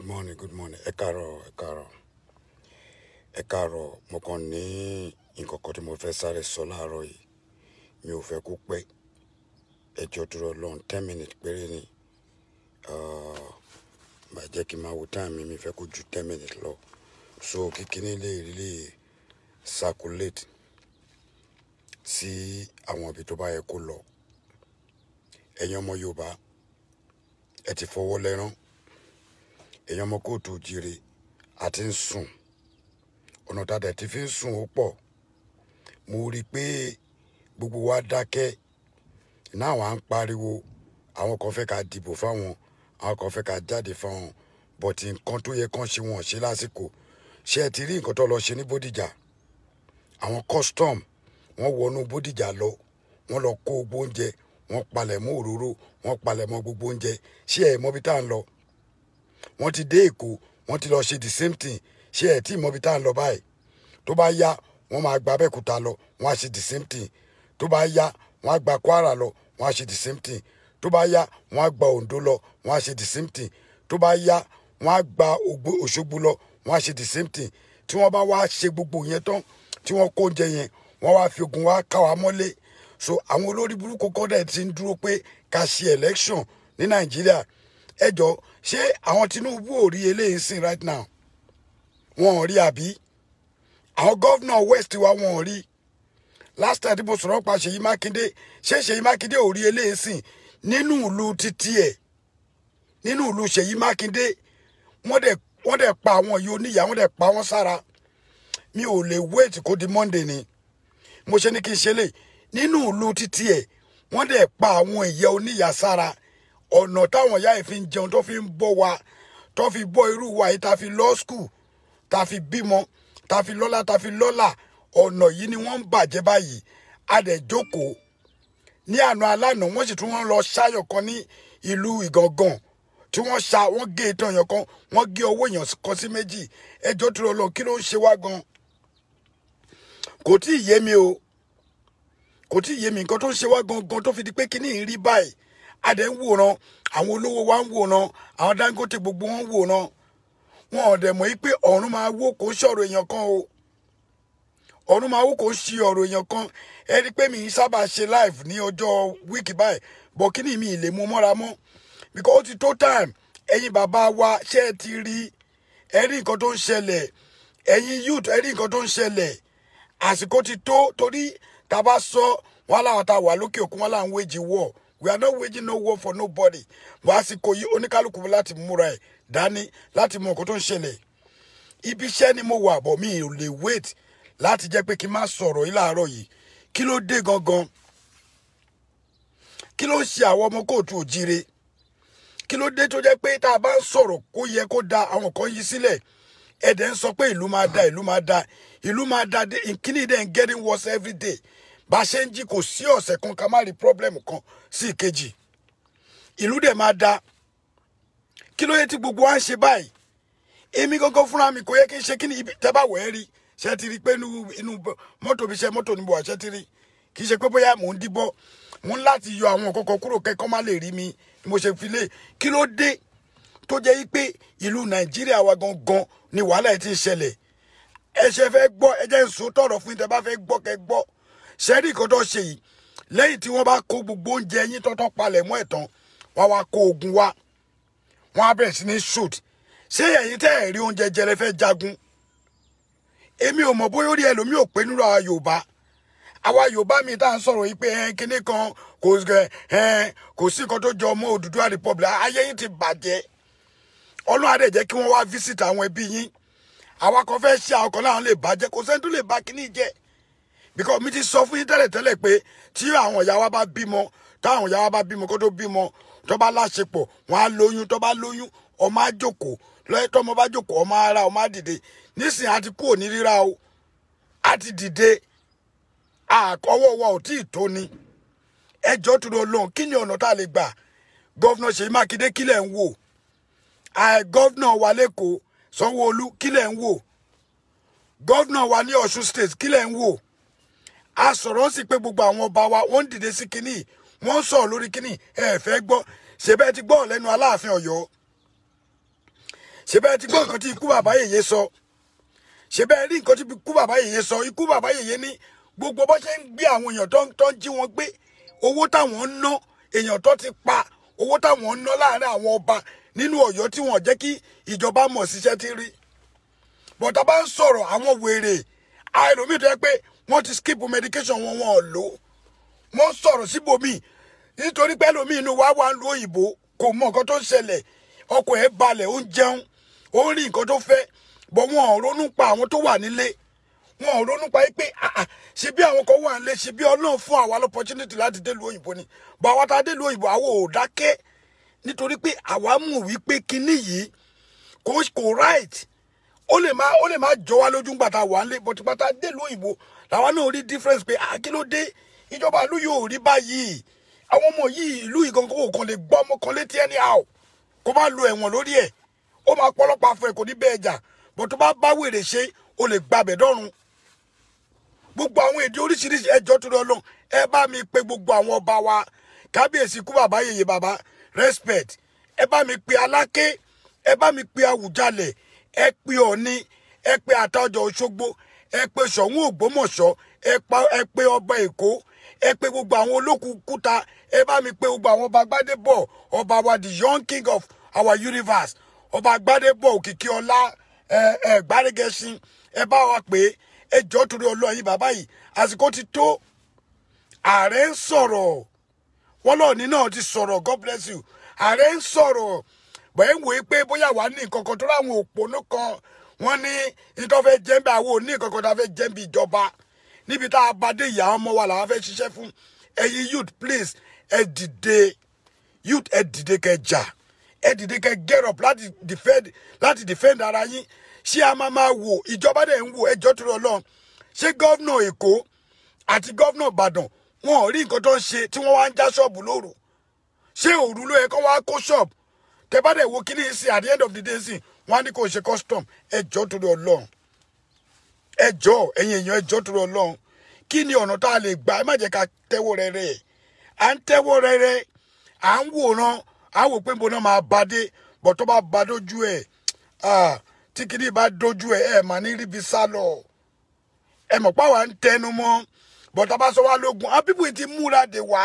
good morning good morning Ekaro, Ekaro. Ekaro, káàárọ̀ ẹ káàárọ̀ mo kàn ní nǹkan kan tí mo fẹ́ sáré sọ láàárọ̀ yìí mi ò fẹ́ kó pẹ́ ẹjọ́ dúró lọ́n ten minutes péré ni ah, màá jẹ́ kí n máa wo time mi mi fẹ́ kó ju ten minutes lọ so kíkíní lè rí lè circulate sí àwọn ibi tó bá yẹ kó lọ ẹ̀yin ọmọ Yorùbá ẹ ti fọwọ́ lẹ́rán èèyàn ọmọ kóòtù òjìrè àti ń sùn ọ̀nà tàdà tí fi ń sùn ó pọ̀ mo rí i pé gbogbo wa dákẹ́ náà wà ń pariwo àwọn kan fẹ́ ká dìbò fáwọn àwọn kan fẹ́ ká jáde fáwọn bọ̀tì nǹkan tó yẹ kán ṣe wọ́n ṣe lásìkò ṣé ẹ ti rí nǹkan tó lọ ṣe ní Bódìjà àwọn custom wọ́n wọnú Bódìjà lọ wọ́n lọ kó gbóúnjẹ wọ́n palẹ̀ mọ́ òróró wọ́n palẹ̀ mọ́ gbogbo oúnjẹ ṣé ẹ mọ̀ bí tá à ń lọ wọ́n ti dé èkó wọ́n ti lọ ṣe the same thing ṣé ẹ̀ tí ìmọ̀bi tá à ń lọ báyìí tó bá yá wọ́n máa gba abẹ́òkúta lọ wọ́n á ṣe the same thing tó bá yá wọ́n á gba kwara lọ wọ́n á ṣe the same thing tó bá yá wọ́n á gba ondo lọ wọ́n á ṣe the same thing tó bá yá wọ́n á gba òṣogbo lọ wọ́n á ṣe the same thing tí wọ́n bá wá ṣe gbogbo yẹn tán tí wọ́n kó oúnjẹ yẹn wọ́n wá fi ogun wá ká wa mọ́lé so àwọn olórí burúkú kọ́dà ti ń dúró pé ká ṣe election ní nàìjíríà ẹjọ́ e ṣé àwọn Tinubu ò rí eléyìí sìn right now wọn ò rí àbí àwọn gọ́vnà west wa wọn ò rí last time tí mo sọ̀rọ̀ pa Ṣèyí Mákindé ṣé Ṣèyí Mákindé ò rí eléyìí sìn nínú ìlú títí ẹ̀ nínú ìlú Ṣèyí Mákindé wọ́n dẹ̀ wọ́n dẹ̀ pa àwọn yìí oníyà wọ́n dẹ̀ pa wọ́n sára mi ò lè wait kó di Monday ni mo ṣe ní kí n ṣe lè nínú ìlú títí ẹ̀ wọ́n dẹ̀ pa àwọn ìyẹ́ oníyà sára ọ̀nà táwọn ìyá yìí fi ń jẹun tó fi ń bọ́ wa tó fi bọ́ irú wa yìí ta fi lọ skul ta fi bímọ ta fi lọ́lá ta fi lọ́là ọ̀nà yìí ni wọ́n ń bàjẹ́ báyìí a dẹ̀ jókòó ní àná alánà wọ́n sì tún wọ́n lọ ṣáyọ̀ kan ní ìlú ìgangan tí wọ́n ṣá wọ́n gé ìtàn èèyàn kan wọ́n gé owó èèyàn kan sí méjì ẹjọ́ tó lọ lọ kí ló ń ṣe wá gan kò tí ì yé mi o kò tí ì yé mi nǹkan tó ń ṣe wá gangan tó fi di pé kíní ń báyìí adẹ̀ ń wòran àwọn olówó wa ń wòran àwọn Dangote gbogbo wọn ń wòran wọn ò dẹ̀ mọ̀ yí pé ọ̀run máa wó kó sọ̀rọ̀ èèyàn kan o ọ̀run máa wó kó sí ọ̀rọ̀ èèyàn kan ẹ rí i pé mi ń sábà ṣe live ní ọjọ́ wíìkì báyìí bọ̀ kí ni mi ì lè mú mọ́ra mọ́ because ó ti tó time ẹ̀yin bàbá wa ṣé ẹ ti rí ẹ rí nǹkan tó ń ṣẹlẹ̀ ẹ̀yin youth ẹ rí nǹkan tó ń ṣẹlẹ̀ àsìkò ti tó torí tá a bá sọ wọn láwọn tá a wà lókè òkun wọn là ń wéjì wọ̀ we are not waging no war for nobody bó asiko yìí oníkálukú láti múra ẹ̀ dání láti mọ nǹkan tó ń ṣẹlẹ̀ ibi iṣẹ́ ni mo wà bọ̀ mi ò wait Lati jẹ́ pé kí n má sọ̀rọ̀ yìí láàárọ̀ yìí kí ló dé gangan kí ló ń ṣe àwọn ọmọ kóòtù òjire kí ló dé tó jẹ́ pé tá a bá ń da àwọn kan yí sílẹ̀ ẹ̀dẹ̀ ń sọ pé ìlú máa da ìlú máa da ìlú máa da kíní dẹ̀ ń getting worse every day bá a ṣe ń jí kò sí kan ká má rí problem kan sí ìkejì ìlú dẹ̀ máa da kí ló yẹ tí gbogbo wa ń ṣe báyìí èmi gangan fúnra mi kò yẹ kí n ṣe kí ni ibi tẹ́ bá wẹ̀ẹ́ rí ṣe ti rí pé inú mọ́tò mi ṣe mọ́tò níbo àṣẹ ti rí kì í ṣe pé bóyá mò ń díbọ́ mò ń láti yọ àwọn kọ̀ọ̀kan kúrò kẹ́kọ́ má lè rí mi ni mo ṣe fi lé kí ló dé tó jẹ́ yí pé ìlú nàìjíríà wa gangan ni wàhálà ẹ̀ ti ń ṣẹlẹ̀ ẹ ṣe fẹ́ gbọ́ ẹ jẹ́ ń sòótọ́ ọ̀rọ̀ fún yín tẹ́ bá fẹ́ gbọ́ kẹ́ gbọ́ ṣẹ́rí ìkọ́tọ̀ ṣe yìí lẹ́yìn tí wọ́n bá kó gbogbo oúnjẹ yín tọ́tọ́ palẹ̀ mọ́ ẹ̀tàn wá wá kó ogun wá wọ́n á bẹ̀rẹ̀ sí ní shoot ṣé ẹ̀yin tẹ́ ẹ̀ rí oúnjẹ jẹrẹ fẹ́ jagun èmi ò mọ̀ bóyá ó rí ẹlòmíì ò pé nínú àwa Yorùbá àwa Yorùbá mi tá à ń sọ̀rọ̀ yìí pé ẹ̀ kíní kan kò kò sí nǹkan tó jọ ọmọ Odùduwà Republic ayé yín ti bàjẹ́ Ọlọ́run á dẹ̀ kí wọ́n wá visit àwọn ẹbí yín àwa kan fẹ́ ṣe àwọn kan láwọn lè bàjẹ́ kò sẹ́ni tó lè bà kíní jẹ́ because mi ti sọ fún yín tẹ́lẹ̀tẹ́lẹ̀ pé tí àwọn ìyá wa bá bímọ táwọn ìyá wa bá bímọ kó tó bímọ tó bá láṣepọ̀ wọn á lóyún tó bá lóyún ọmọ á jókòó lọ́yẹ́ tọ́mọ bá jókòó ọmọ ara ọmọ á dìde nísìnyí a ti kúrò ní rírà o a ti dìde àkọ́wọ́ wa ò tí ì tó ni ẹjọ́ tó lọ lọ́n kí ni ọ̀nà tá a lè gbà gọ́fúnà Ṣèyí Mákindé kílẹ̀ ń wò gọ́fúnà wa lẹ́kọ̀ọ́ Sanwó-Olú kílẹ̀ ń wò gọ́fúnà wa ní Ọ̀ṣun state kílẹ̀ ń a sọ̀rọ̀ sì pé gbogbo àwọn ọba wa wọ́n ń dìde sí kínní wọ́n ń sọ̀rọ̀ lórí kínní ẹ fẹ́ gbọ́ ṣèbẹ́ ti gbọ́ lẹ́nu aláàfin ọ̀yọ́ ṣèbẹ́ ti gbọ́ nǹkan tí ikú bàbá yèyé sọ ṣèbẹ́ rí nǹkan tí ikú bàbá yèyé sọ ikú bàbá yèyé ní gbogbo bó ṣe ń gbé àwọn èèyàn tó ń jí wọn gbé owó táwọn ń ná èèyàn tó ti pa owó táwọn ń ná láàárín àwọn ọba nínú Ọ̀yọ́ tí wọ́n jẹ́ kí ìjọba mọ̀ síṣẹ́ ti rí bọ̀tà bá ń sọ̀rọ̀ àwọn wèrè àìròmí tó yẹ pé wọ́n ti skip medication wọn wọn ò lò mo ń sọ̀rọ̀ síbòmí nítorí pé lómi inú wa wà ń lo òyìnbó kò mọ nǹkan tó ń ṣẹlẹ̀ ọkọ̀ ẹ̀ balẹ̀ ó ń jẹun ó ń rí nǹkan tó fẹ́ bọ̀ wọn ò ronú pa àwọn tó wà nílé wọn ò ronú pa pé ah, ah, ṣe bí àwọn kan wà nílé ṣe bí ọlọ́run fún àwa lọ́pọ̀tunity láti délùú òyìnbó ni bọ̀ àwa tá a délùú òyìnbó àwa ò dákẹ́ nítorí pé àwa mú wípé kinní yìí kò right ó lè má ó lè má jọ wá lójú ńgbà tá a wà nílé bọ̀tí pátá délùú òyìnbó làwa náà rí difference pé ah, kí ló dé ìjọba ìlú yóò rí báyìí àwọn ọmọ yìí ìlú ìgangan kò lè gbọ́ ọmọ kan létí ẹni àwọ̀ kó má lo ẹ̀wọ̀n lórí ẹ̀ ó máa pọ́lọ́pàá fún ẹ kò ní bẹ́ẹ̀ jà bó tó bá bá wèrè ṣe o lè gbàbẹ̀ dọ́run gbogbo àwọn èdè oríṣiríṣi ẹjọ́ tó lọ lọ́n ẹ bá mi pè gbogbo àwọn ọba wa kábíyèsí kú bàbá yèyè bàbá respect ẹ bá mi pè aláké ẹ bá mi pè àwùjalẹ̀ ẹ pè ọ̀ni ẹ pè àtàjọ òṣogbo ẹ pe Ṣọ̀ún Ògbómọ̀ṣọ́ ẹ pe ọba Èkó ẹ pe gbogbo àwọn olókùn kúta ẹ bá mi pe gbogbo àwọn ọba Gbádébọ̀ ọba wa the young king of our universe ọba Gbádébọ̀ òkìkí ọlá ẹ ẹ Gbárígẹṣin ẹ bá wa pé ẹ jọ torí Ọlọ́run yìí bàbá yìí àsìkò ti tó ààrẹ ń sọ̀rọ̀ wọn lọ́ọ̀ni náà ti sọ̀rọ̀ God bless you ààrẹ ń sọ̀rọ̀ bẹ́ẹ̀ ń wòye pé bóyá wàá ní nǹkan kan tó ráwọn òpónú kan wọ́n ní ìtọ́fẹ́ jẹ́ńbẹ́ àwọn òní kankan tá a fẹ́ jẹ́ńbẹ́ ìjọba níbi tá a bá dé ìyá ọmọ wa làwọn fẹ́ ṣiṣẹ́ fún ẹ̀yin youth please ẹ dìde youth ẹ dìde kẹ́ jà ẹ dìde kẹ́ get up láti defend láti defend ara yín ṣé a máa máa wò ìjọba dẹ̀ ń wò ẹjọ́ tó lọ lọ́n ṣé gọ́vnà èkó àti gọ́vnà ìbàdàn wọn ò rí nǹkan tó ń ṣe tí wọ́n wá ń já ṣọ́ọ̀bù lóru ṣé òru ló yẹ kó wá kó ṣọ́ọ̀bù tẹ bá dẹ̀ wo kíní sí at the end of the day sí wọ́n á ní kò ṣe custom ẹjọ́ torí ọlọ́run ẹjọ́ ẹ̀yin èèyàn ẹjọ́ torí ọlọ́run kí ni ọ̀nà tá a lè gbà ẹ má jẹ́ ká tẹ́wọ́ rẹ́rẹ́ à ń tẹ́wọ́ rẹ́rẹ́ à ń wòran à ń wò pé nbọ̀nà máa bá dé bọ̀ tó bá bá dójú ẹ̀ tí kìíní bá dójú ẹ̀ ẹ̀ mà ní ríbi sá lọ ẹ mọ̀ pá wa ń tẹnu mọ́ bọ̀ tá a bá sọ wá lógun àwọn ti múra dè wá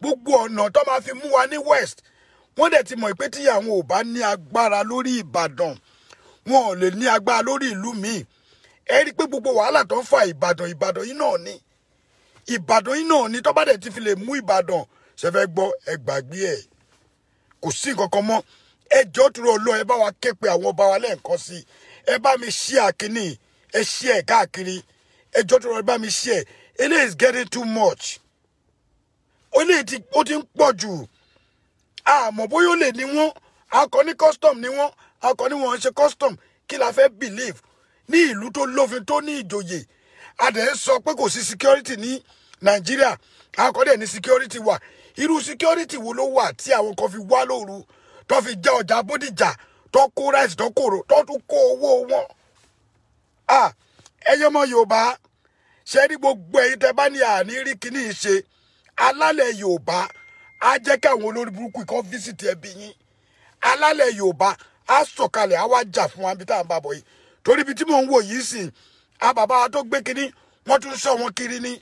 gbogbo ọ̀nà tó máa fi mú wa ní west wọ́n dẹ̀ ti mọ̀ pé tí àwọn ò bá ní agbára lórí Ìbàdàn wọn ò lè ní agbára lórí ìlú míì ẹ rí i pé gbogbo wàhálà tó ń fa Ìbàdàn Ìbàdàn yìí náà ni Ìbàdàn yìí náà ni tó bá dẹ̀ ti fi lè mú Ìbàdàn ṣe fẹ́ gbọ́ ẹ gbàgbé ẹ̀ kò sí nǹkan kan mọ́ ẹ jọ́ turu ọlọ́ ẹ bá wa ké pe àwọn ọba wa lẹ́ẹ̀kan sí i ẹ bá mi ṣí àkíní ẹ ṣí ẹ káàkiri ẹ jọ́ turu ẹ bá mi ṣí ẹ eléyìí is getting too much ó lè ti ó ti ń pọ̀ jù àmọ́ bóyá ó lè ní wọ́n akọ ní custom ní wọ́n akọ ní wọ́n ṣe custom kí la fẹ́ believe ní ìlú tó lófin tó ní ìjòyè adẹ̀ ń sọ pé kò sí security ní nàìjíríà akọ́dẹ̀ ní security wà irú security wo ló wà tí àwọn kan fi wá lóru tó fi já ọjà bódìjà tó kó rice tó kó tó tún kó owó wọn. ẹyẹ ọmọ yorùbá ṣe ní gbogbo ẹ̀yin tẹ́ bá ní àní rí kíní ṣe alálẹ̀ yorùbá á jẹ́ kí àwọn olórí burúkú kan fíṣítì ẹbí yín alálẹ̀ yorùbá á sọ̀kalẹ̀ á wá jà fún wa bí tá à ń bá bọ̀ yìí torí ibi tí mò ń wò yìí sìn á bàbá wa tó gbé kínní wọ́n tún sọ wọn kiri ní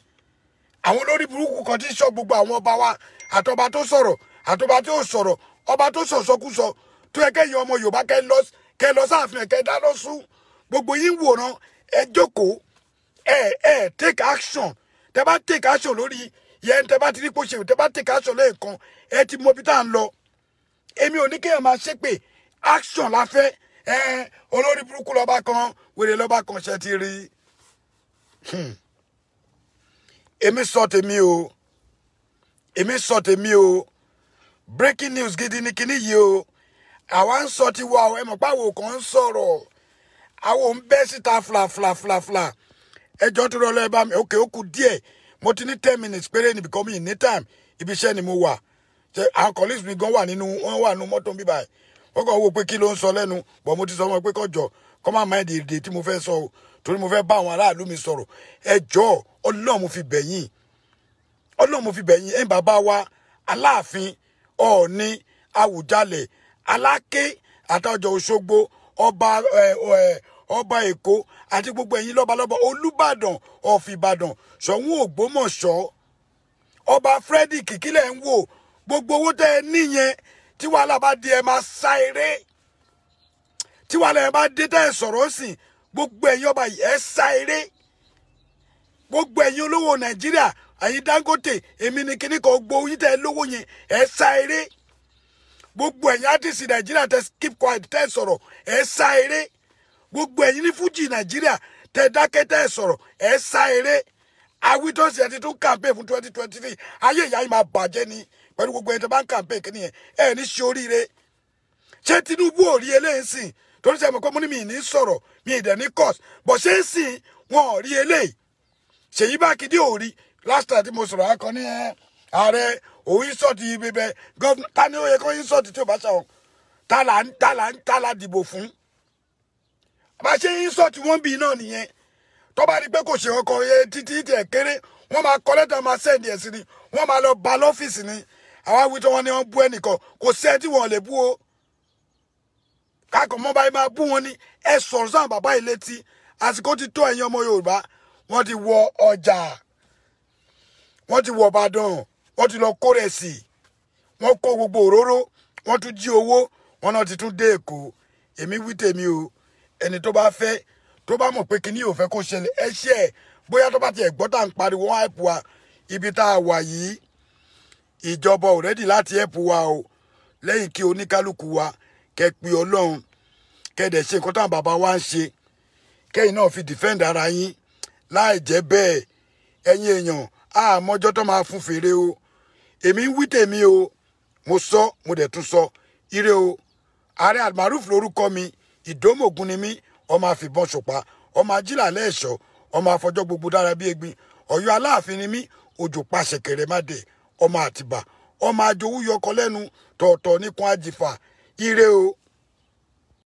àwọn olórí burúkú kan ti sọ gbogbo àwọn ọba wa àtọba tó sọ̀rọ̀ àtọba tó sọ̀rọ̀ ọba tó sọ̀sọkúsọ tó yẹ kẹ́ yan ọmọ yorùbá kẹ́ lọ kẹ́ lọ sáàfin kẹ́ dáná sún gbogbo yín wòran ẹ jókòó ẹ ẹ take action tẹ bá take action lórí yẹn tẹ bá ti rí pòṣèlú tẹ bá ti ká sọ lẹ́ẹ̀kan ẹ ti mọ ibi tá à ń lọ èmi ò ní kéèyàn máa ṣépè action la fẹ́ ẹ olórí burúkú lọ́ba kan wèrè lọ́ba kan ṣe ti rí hmm. èmi sọ tèmi o èmi sọ tèmi o breaking news gidi ni kíní yìí o àwa ń sọ tiwa ẹ mọ̀ páwo kan ń sọ̀rọ̀ àwọn ò ń bẹ́ síta flaflaflafla ẹjọ́ tó rọlọ́ ẹ bá mi òkè ó kù díẹ̀ mo ti ní ten minutes péré ni because mi ní time ibi iṣẹ́ ni mo wà ṣe àwọn colleagues mi gan wà nínú wọn wà nínú mọ́tò bíbá ẹ̀ wọ́n kàn wò pé kí ló ń sọ lẹ́nu but mo ti sọ wọn pé kọ́ jọ kọ́ máa máa dèdè tí mo fẹ́ sọ o torí mo fẹ́ bá àwọn aráàlú mi sọ̀rọ̀ ẹ jọ ọlọ́run mo fi bẹ̀yìn ọlọ́run fi bẹ̀yìn ẹ̀ ń bàbá wa aláàfin ọ̀ọ́ni àwùjalẹ̀ aláké àtàjọ òṣogbo ọba ọba èkó àti gbogbo ẹ̀yin lọ́balọ́ba olùbàdàn of ìbàdàn ṣọ̀ún ògbómọ̀ṣọ́ ọba freddy kìkílẹ̀ ń wò gbogbo owó tẹ́ ẹ níyẹn tí wàhálà bá di ẹ máa sá eré tí wàhálà ẹ bá dé tẹ́ ẹ sọ̀rọ̀ sìn gbogbo ẹ̀yin ọba yìí ẹ sá eré gbogbo ẹ̀yin olówó nàìjíríà ẹ̀yin dangote èmi ni kíní kan gbowó yín tẹ́ ẹ lówó yẹn ẹ sá eré gbogbo ẹ̀yin àtìsí nàìjíríà tẹ́ keep quiet tẹ́ sọ̀rọ̀ ẹ sá eré gbogbo ẹ̀yin ní fújì nàìjíríà tẹ dákẹ́ tẹ sọ̀rọ̀ ẹ sá eré awítọ́sí ẹni tún campaign fún twenty twenty three ayé ìyá yìí máa bàjẹ́ ni pẹ̀lú gbogbo ẹni tó bá ń campaign kí nìyẹn ẹ ní ṣe oríire ṣé tinubu ò rí eléyìí sìn torí sẹ́mi pé mo ní mi ní sọ̀rọ̀ mi ì dẹ̀ ní course bọ̀ ṣé ń sìn wọn ò rí eléyìí ṣèyí Mákindé ò rí last time tí mo sọ̀rọ̀ akọ ní ààrẹ òun ìsọ̀tì ibibẹ gọ́ọ̀tà ni ó yẹ kó ìsọ̀tì tí ò bá ṣàwọn tá là ń tá là ń tá là dìbò fún bá ṣe ń sọ tí wọ́n bí náà nìyẹn tó bá rí pé kò ṣe ọkọ yẹ títí tẹ̀ kéré wọ́n máa kọ́ lẹ́tà máa sẹ́ǹdì ẹ̀ sí ni wọ́n máa lọ ba lọ́fíìsì ni àwa wí tí wọ́n ní wọ́n bú ẹnìkan kò sí ẹ tí wọ́n lè bú o káàkó mọ́ báyìí máa bú wọn ni ẹ sọ̀rọ̀ sáà bàbá yìí létí àsìkò ti tó ẹ̀yin ọmọ Yorùbá wọ́n ti wọ ọjà wọ́n ti wọ Ìbàdàn wọ́n ti lọ kórè sí wọ́n kó gbogbo òróró wọ́n tún jí owó wọ́n náà ti tún dé Èkó èmi wí tèmi o ẹni tó bá fẹ́ tó bá mọ̀ pé kíní ò fẹ́ kó ṣẹlẹ̀ ẹ ṣe ẹ̀ bóyá tó bá tiẹ̀ gbọ́ tá à ń pariwo wọn ẹ̀pù wa ibi tá a wà yìí ìjọba ò rẹ́dì láti ẹ̀pù wa o lẹ́yìn kí oníkálukú wa kẹ pe ọlọ́run kẹ ṣe nǹkan táwọn bàbá wa ń ṣe kẹ́yìn náà fi defend ara yín láì jẹ́ bẹ́ẹ̀ ẹ̀yin èèyàn àmọ́jọ́ tó máa fún fèrè o èmi ń wí tèmi o mo sọ mo dẹ̀ tún sọ ire o ààrẹ almaruf lórúkọ mi ìdómògùn ni mí ọmọ àfìbọn ṣùpá ọmọ ajílà lẹ́ẹ̀ṣọ́ ọmọ àfọjọ́ gbogbo dára bí egbin ọ̀yọ́ aláàfin ni mí òjò pa ṣẹ̀kẹ̀rẹ̀ má dé ọmọ àtìbà ọmọ àjòwú yọkọ tọ̀ọ̀tọ̀ níkun àjìfà ire o.